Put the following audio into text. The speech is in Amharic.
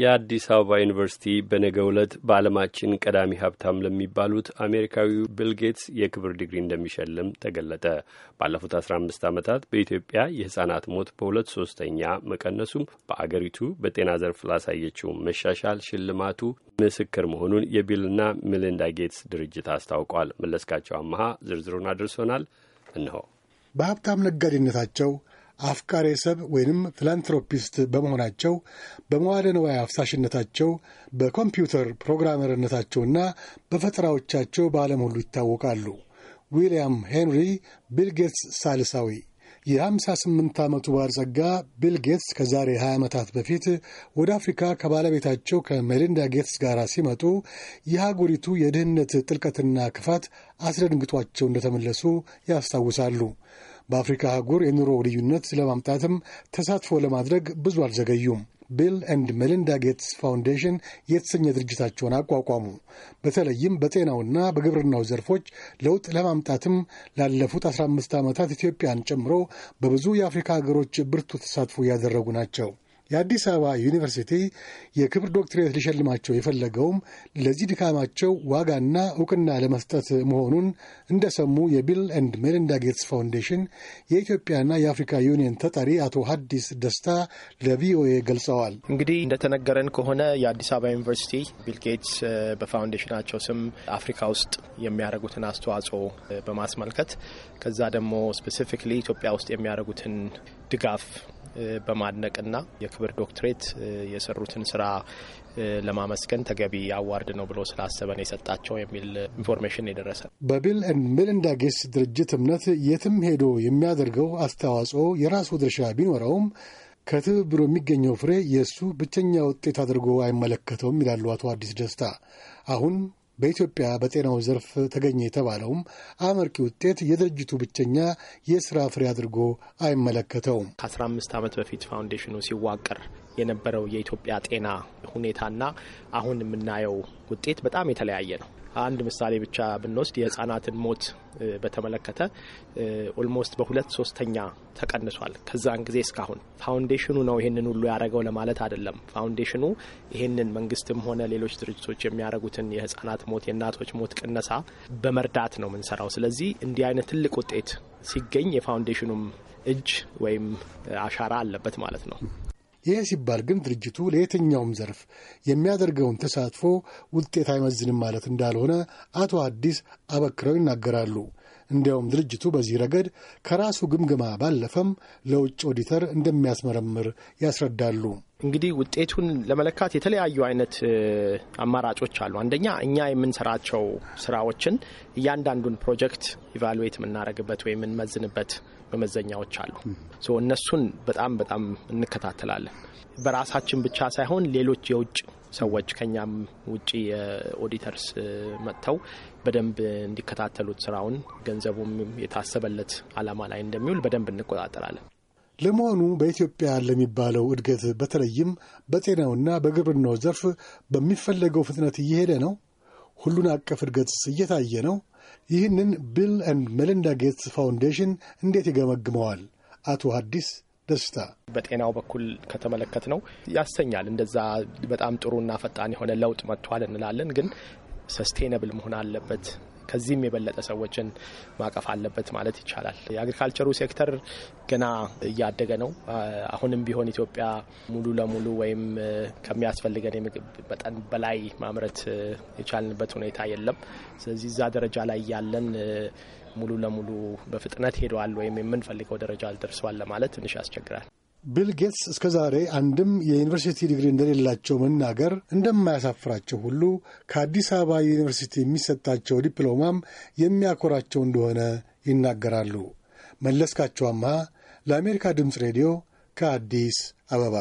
የአዲስ አበባ ዩኒቨርሲቲ በነገ ዕለት በዓለማችን ቀዳሚ ሀብታም ለሚባሉት አሜሪካዊው ቢል ጌትስ የክብር ዲግሪ እንደሚሸልም ተገለጠ። ባለፉት 15 ዓመታት በኢትዮጵያ የሕፃናት ሞት በሁለት ሶስተኛ መቀነሱም በአገሪቱ በጤና ዘርፍ ላሳየችው መሻሻል ሽልማቱ ምስክር መሆኑን የቢልና ሚሊንዳ ጌትስ ድርጅት አስታውቋል። መለስካቸው አመሃ ዝርዝሩን አድርሶናል። እንሆ በሀብታም ነጋዴነታቸው አፍቃሬ ሰብ ወይንም ፊላንትሮፒስት በመሆናቸው በመዋለ አፍሳሽነታቸው በኮምፒውተር ፕሮግራመርነታቸውና በፈጠራዎቻቸው በዓለም ሁሉ ይታወቃሉ። ዊልያም ሄንሪ ቢል ጌትስ ሳልሳዊ የ58 ዓመቱ ባለጸጋ ቢል ጌትስ ከዛሬ 20 ዓመታት በፊት ወደ አፍሪካ ከባለቤታቸው ከሜሊንዳ ጌትስ ጋር ሲመጡ የሀገሪቱ የድህነት ጥልቀትና ክፋት አስደንግጧቸው እንደተመለሱ ያስታውሳሉ። በአፍሪካ አህጉር የኑሮ ልዩነት ለማምጣትም ተሳትፎ ለማድረግ ብዙ አልዘገዩም። ቢል ኤንድ ሜሊንዳ ጌትስ ፋውንዴሽን የተሰኘ ድርጅታቸውን አቋቋሙ። በተለይም በጤናውና በግብርናው ዘርፎች ለውጥ ለማምጣትም ላለፉት 15 ዓመታት ኢትዮጵያን ጨምሮ በብዙ የአፍሪካ ሀገሮች ብርቱ ተሳትፎ እያደረጉ ናቸው። የአዲስ አበባ ዩኒቨርሲቲ የክብር ዶክትሬት ሊሸልማቸው የፈለገውም ለዚህ ድካማቸው ዋጋና እውቅና ለመስጠት መሆኑን እንደሰሙ የቢል ኤንድ ሜሊንዳ ጌትስ ፋውንዴሽን የኢትዮጵያና የአፍሪካ ዩኒየን ተጠሪ አቶ ሀዲስ ደስታ ለቪኦኤ ገልጸዋል። እንግዲህ እንደተነገረን ከሆነ የአዲስ አበባ ዩኒቨርሲቲ ቢል ጌትስ በፋውንዴሽናቸው ስም አፍሪካ ውስጥ የሚያደርጉትን አስተዋጽኦ በማስመልከት ከዛ ደግሞ ስፔሲፊክሊ ኢትዮጵያ ውስጥ የሚያደርጉትን ድጋፍ በማድነቅና የክብር ዶክትሬት የሰሩትን ስራ ለማመስገን ተገቢ አዋርድ ነው ብሎ ስላሰበን የሰጣቸው የሚል ኢንፎርሜሽን የደረሰ። በቢል ኤንድ ሜሊንዳ ጌትስ ድርጅት እምነት የትም ሄዶ የሚያደርገው አስተዋጽኦ የራሱ ድርሻ ቢኖረውም ከትብብሩ የሚገኘው ፍሬ የእሱ ብቸኛ ውጤት አድርጎ አይመለከተውም ይላሉ አቶ አዲስ ደስታ። አሁን በኢትዮጵያ በጤናው ዘርፍ ተገኘ የተባለውም አመርቂ ውጤት የድርጅቱ ብቸኛ የስራ ፍሬ አድርጎ አይመለከተውም። ከ15 ዓመት በፊት ፋውንዴሽኑ ሲዋቀር የነበረው የኢትዮጵያ ጤና ሁኔታና አሁን የምናየው ውጤት በጣም የተለያየ ነው። አንድ ምሳሌ ብቻ ብንወስድ የህጻናትን ሞት በተመለከተ ኦልሞስት በሁለት ሶስተኛ ተቀንሷል። ከዛን ጊዜ እስካሁን ፋውንዴሽኑ ነው ይህንን ሁሉ ያደረገው ለማለት አይደለም። ፋውንዴሽኑ ይህንን መንግስትም ሆነ ሌሎች ድርጅቶች የሚያደርጉትን የህጻናት ሞት፣ የእናቶች ሞት ቅነሳ በመርዳት ነው የምንሰራው። ስለዚህ እንዲህ አይነት ትልቅ ውጤት ሲገኝ የፋውንዴሽኑም እጅ ወይም አሻራ አለበት ማለት ነው። ይህ ሲባል ግን ድርጅቱ ለየትኛውም ዘርፍ የሚያደርገውን ተሳትፎ ውጤት አይመዝንም ማለት እንዳልሆነ አቶ አዲስ አበክረው ይናገራሉ። እንዲያውም ድርጅቱ በዚህ ረገድ ከራሱ ግምገማ ባለፈም ለውጭ ኦዲተር እንደሚያስመረምር ያስረዳሉ። እንግዲህ ውጤቱን ለመለካት የተለያዩ አይነት አማራጮች አሉ። አንደኛ እኛ የምንሰራቸው ስራዎችን እያንዳንዱን ፕሮጀክት ኢቫሉዌት የምናደርግበት ወይም የምንመዝንበት መመዘኛዎች አሉ። እነሱን በጣም በጣም እንከታተላለን። በራሳችን ብቻ ሳይሆን ሌሎች የውጭ ሰዎች ከኛም ውጭ የኦዲተርስ መጥተው በደንብ እንዲከታተሉት ስራውን ገንዘቡም የታሰበለት አላማ ላይ እንደሚውል በደንብ እንቆጣጠራለን። ለመሆኑ በኢትዮጵያ ለሚባለው እድገት በተለይም በጤናውና በግብርናው ዘርፍ በሚፈለገው ፍጥነት እየሄደ ነው? ሁሉን አቀፍ እድገትስ እየታየ ነው? ይህንን ቢል ኤንድ ሜሊንዳ ጌትስ ፋውንዴሽን እንዴት ይገመግመዋል? አቶ ሀዲስ ደስታ በጤናው በኩል ከተመለከት ነው ያሰኛል። እንደዛ በጣም ጥሩና ፈጣን የሆነ ለውጥ መጥቷል እንላለን። ግን ሰስቴነብል መሆን አለበት ከዚህም የበለጠ ሰዎችን ማቀፍ አለበት ማለት ይቻላል። የአግሪካልቸሩ ሴክተር ገና እያደገ ነው። አሁንም ቢሆን ኢትዮጵያ ሙሉ ለሙሉ ወይም ከሚያስፈልገን የምግብ መጠን በላይ ማምረት የቻልንበት ሁኔታ የለም። ስለዚህ እዛ ደረጃ ላይ ያለን ሙሉ ለሙሉ በፍጥነት ሄደዋል ወይም የምንፈልገው ደረጃ አልደርሷል ለማለት ትንሽ ያስቸግራል። ቢል ጌትስ እስከ ዛሬ አንድም የዩኒቨርሲቲ ዲግሪ እንደሌላቸው መናገር እንደማያሳፍራቸው ሁሉ ከአዲስ አበባ ዩኒቨርሲቲ የሚሰጣቸው ዲፕሎማም የሚያኮራቸው እንደሆነ ይናገራሉ። መለስካቸው አምሃ ለአሜሪካ ድምፅ ሬዲዮ ከአዲስ አበባ